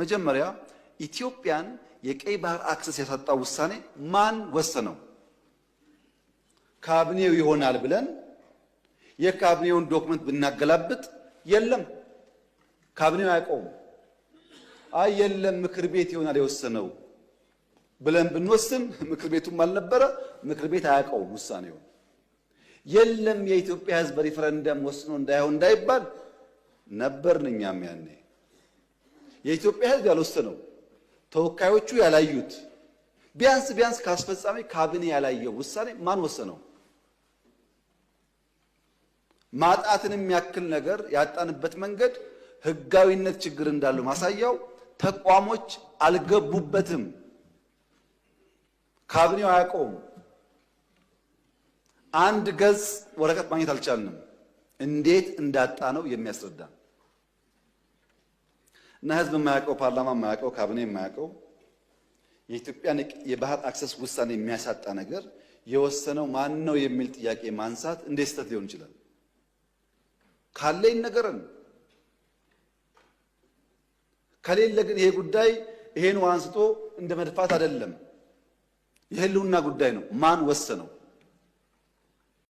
መጀመሪያ ኢትዮጵያን የቀይ ባህር አክሰስ ያሳጣው ውሳኔ ማን ወሰነው? ካቢኔው ይሆናል ብለን የካቢኔውን ዶክመንት ብናገላብጥ የለም፣ ካቢኔው አያውቀውም። አይ የለም፣ ምክር ቤት ይሆናል የወሰነው ብለን ብንወስን ምክር ቤቱም አልነበረ፣ ምክር ቤት አያውቀውም ውሳኔው የለም የኢትዮጵያ ሕዝብ በሪፈረንደም ወስኖ እንዳይሆን እንዳይባል ነበርን እኛም ያኔ የኢትዮጵያ ሕዝብ ያልወሰነው ተወካዮቹ ያላዩት ቢያንስ ቢያንስ ከአስፈጻሚ ካቢኔ ያላየው ውሳኔ ማን ወሰነው? ማጣትን ያክል ነገር ያጣንበት መንገድ ህጋዊነት ችግር እንዳለው ማሳያው ተቋሞች አልገቡበትም። ካቢኔው አያውቀውም። አንድ ገጽ ወረቀት ማግኘት አልቻልንም። እንዴት እንዳጣ ነው የሚያስረዳ እና ህዝብ የማያውቀው ፓርላማ የማያውቀው ካቢኔ የማያውቀው የኢትዮጵያን የባህር አክሰስ ውሳኔ የሚያሳጣ ነገር የወሰነው ማን ነው የሚል ጥያቄ ማንሳት እንዴት ስህተት ሊሆን ይችላል? ካለ ይነገረን። ከሌለ ግን ይሄ ጉዳይ ይሄን አንስቶ እንደ መድፋት አይደለም፣ የህልውና ጉዳይ ነው። ማን ወሰነው?